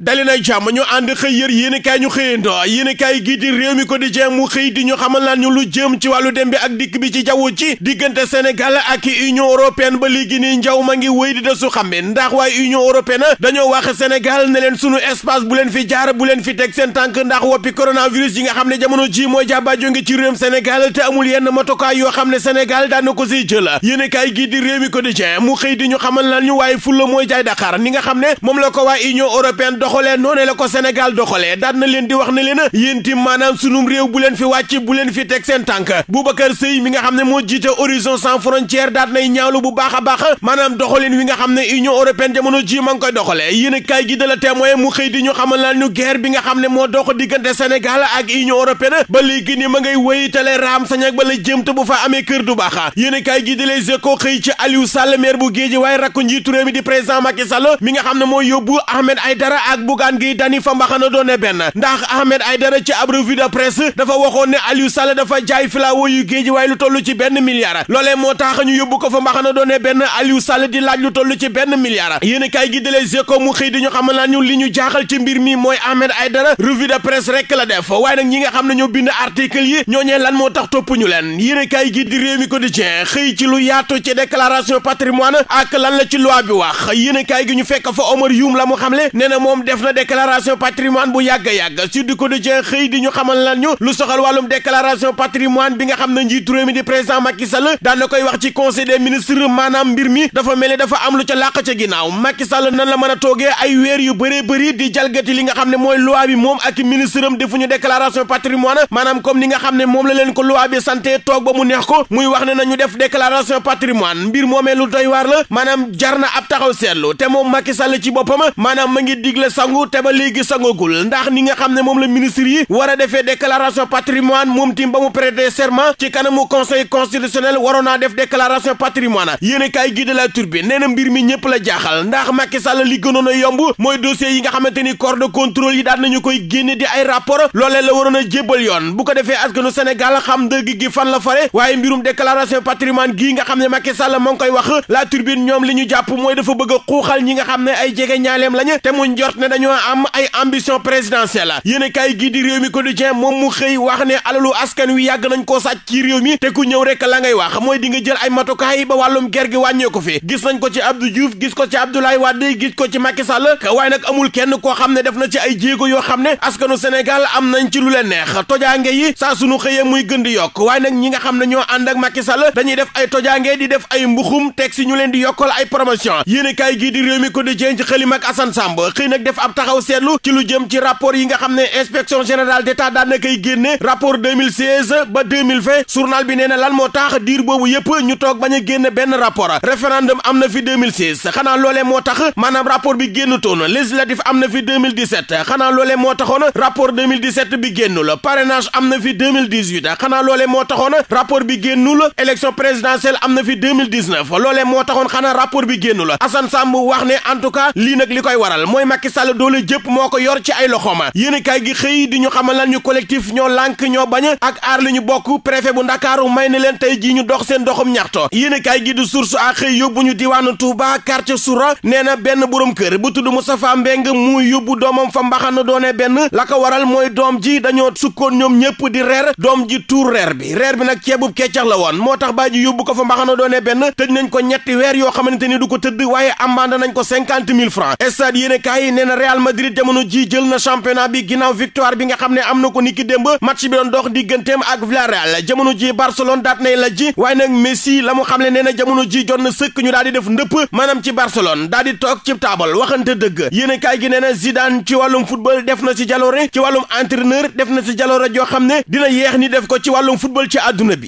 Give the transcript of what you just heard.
dali na jàmm ñu ànd xëy yër yéen kaay ñu xëyando yéen i kaay gii di réew mi quotidien mu xëy di ñu xamal laan ñu lu jëm ci wàllu dem bi ak dikk bi ci jaww ci diggante Sénégal ak i Union européenne ba léegi nii njaw ma ngi wéy di da su xambe ndax waaye Union européenne dañoo wax Sénégal ne leen sunu espace bu leen fi jaar bu leen fi teg seen tànk ndax woppi coronavirus yi nga xam ne jamono ji mooy jàbbaajo ngi ci réewum Sénégal te amul yenn matukaay yoo xam ne senegal daan na ko siy jël yéen i kaay gii di réew mi quotidien mu xëy di ñu xamal laan ñu waaye fulla mooy jaay Dakar ni nga xam ne moom la ko waa Union européenne doxalee noonu la ko Sénégal doxalee daan na leen di wax ne leen yéen tim maanaam sunum réew bu leen fi wàcc bu leen fi teg seen tànk Boubacar Sèye mi nga xam ne moo jiite Horizon sans frontières daan nay ñaawlu bu baax a baax maanaam doxalin wi nga xam ne Union européenne jamono ji ma ngi koy doxalee yéen a kaay gi de la témoin mu xëy di ñu xamal la ñu guerre bi nga xam ne moo dox diggante Sénégal ak Union européenne ba léegi ni ma ngay wéyitale raam sañak ba la jëm te bu fa amee kër du baax yéen a kaay gi de les échos xëy ci Aliou Sall maire bu Guédiawaye rakku njiitu réew mi di président Macky Sall mi nga xam ne moo yóbbu Ahmed Aïdara ak Bougane Gueye Dany fa mbaxana doone benn ndax Ahmed Aïdara ci ab revue de presse dafa waxoon ne Aliou Sall dafa jaay filaawo yu géej waaye lu toll ci benn milliard loolee moo tax ñu yóbbu ko fa mbaxana doone benn Aliou Sall di laaj lu toll ci benn milliard yéen kay gi de Les xëy di ñu xamal naa li ñu jaaxal ci mbir mi mooy Ahmed Aïdara revue de presse rek la def waaye nag ñi nga xam ne ñoo bind article yi ñooñee lan moo tax topp leen yéen def na déclaration patrimoine bu yàgg-yàgg Sud Quotidien xëy di ñu xamal lan ñu lu soxal wàllum déclaration patrimoine bi nga xam ne njiitu réew mi di président Macky Sall daan na koy wax ci conseil des ministres maanaam mbir mi dafa mel ni dafa am lu ca làq ca ginnaaw Macky Sall nan la mën a toogee ay weer yu bëree bëri di jalgati li nga xam ne mooy loi bi moom ak ministre am defuñu déclaration patrimoine maanaam comme ni nga xam ne moom la leen ko loi bi santé toog ba mu neex ko muy wax ne nañu def déclaration patrimoine mbir moomee lu doy waar la maanaam jar na ab taxaw seetlu te moom Macky Sall ci boppam maanaam ma sangu te ba léegi sangagul ndax ni nga xam ne moom la ministre yi war a defee déclaration patrimoine moom tim ba mu prêter ci kanamu conseil constitutionnel waroon naa def déclaration patrimoine yéen kaay gi de la Tribune nee na mbir mi ñëpp la jaaxal ndax Macky Sall li gënoon a yomb mooy dossier yi nga xamante ni corps de contrôle yi daan nañu koy génne di ay rapport loolee la waroon a jébbal yoon bu ko defee askanu Sénégal xam dëgg gi fan la fare waaye mbirum déclaration patrimoine gii nga xam ne Macky Sall moo ngi ñoom li ñu jàpp mooy dafa bëgg a xuuxal ñi nga xam ne ay jege ñaaleem lañu te mu ne dañoo am ay ambition présidentielle yéen kay gii di réew mi quotidien moom mu xëy wax ne alalu askan wi yàgg nañ ko sàcc ci réew mi te ku ñëw rek la ngay wax mooy di nga jël ay matukaay ba wàllum ger gi wàññee ko fi gis nañ ko ci Abdou Diouf gis ko ci Abdoulaye Wade gis ko ci Macky Sall waaye nag amul kenn koo xam ne def na ci ay jéego yoo xam ne askanu Sénégal am nañ ci lu leen neex tojaange yi saa sunu xëyee muy gën di yokk waaye nag ñi nga xam ne ñoo ànd ak Macky Sall dañuy def ay tojaange di def ay mbuxum teg si ñu leen di yokkal ay promotion yéen kay gii di réew mi quotidien ci xëlim ak Assane Samb xëy nag def def ab taxaw seetlu ci lu jëm ci rapport yi nga xam ne inspection générale d'état daan na koy génne rapport 2016 ba 2020 journal bi nee na lan moo tax diir boobu yëpp ñu toog bañ a génn benn rapport référendum am na fi 2016 xanaa loolee moo tax maanaam rapport bi génnutoon législatif am na fi xanaa loolee moo taxoon rapport 2017 bi génnul parrainage am na fi xanaa loolee moo taxoon rapport bi génnul élection présidentielle am na fi 2019 moo taxoon xanaa rapport bi génnul yàlla doole jëpp moo ko yor ci ay loxooma yéenekaay gi xëy di ñu xamal lan ñu collectif ñoo ñoo bañ ak aar li ñu bokk préfet bu ndakaaru may ne leen tey jii ñu dox seen doxum ñaxto yéenekaay gi di source a xëy yóbbu ñu diwaanu Touba quartier Soura nee na benn borom kër bu tudd Moustapha Mbeng muy yóbbu doomam fa mbaxana doone benn la ko waral mooy doom ji dañoo sukkoon ñoom ñëpp di reer doom ji tuur reer bi reer bi nag ceebub keccax la woon moo tax baa ji yóbbu ko fa mbaxana doone benn tëj nañ ko ñetti weer yoo xamante ni du ko tëdd waaye amande nañ ko cinquante mille francs stade yéenekaay na Real Madrid jamono ji jël na championnat bi ginnaaw victoire bi nga xam ne am na ko niki démb match bi doon dox digganteem ak Villarreal jamono ji Barcelone daat nay la ji waaye nag Messi la mu xam ne nee na jamono ji jot na sëkk ñu daal di def ndëpp maanaam ci Barcelone daal di toog ci taabal waxante dëgg yéen kaay gi nee na Zidane ci wàllum football def na ci jaloore ci wàllum entraîneur def na ci jaloore joo xam ne dina yeex ni def ko ci wàllum football ci àdduna bi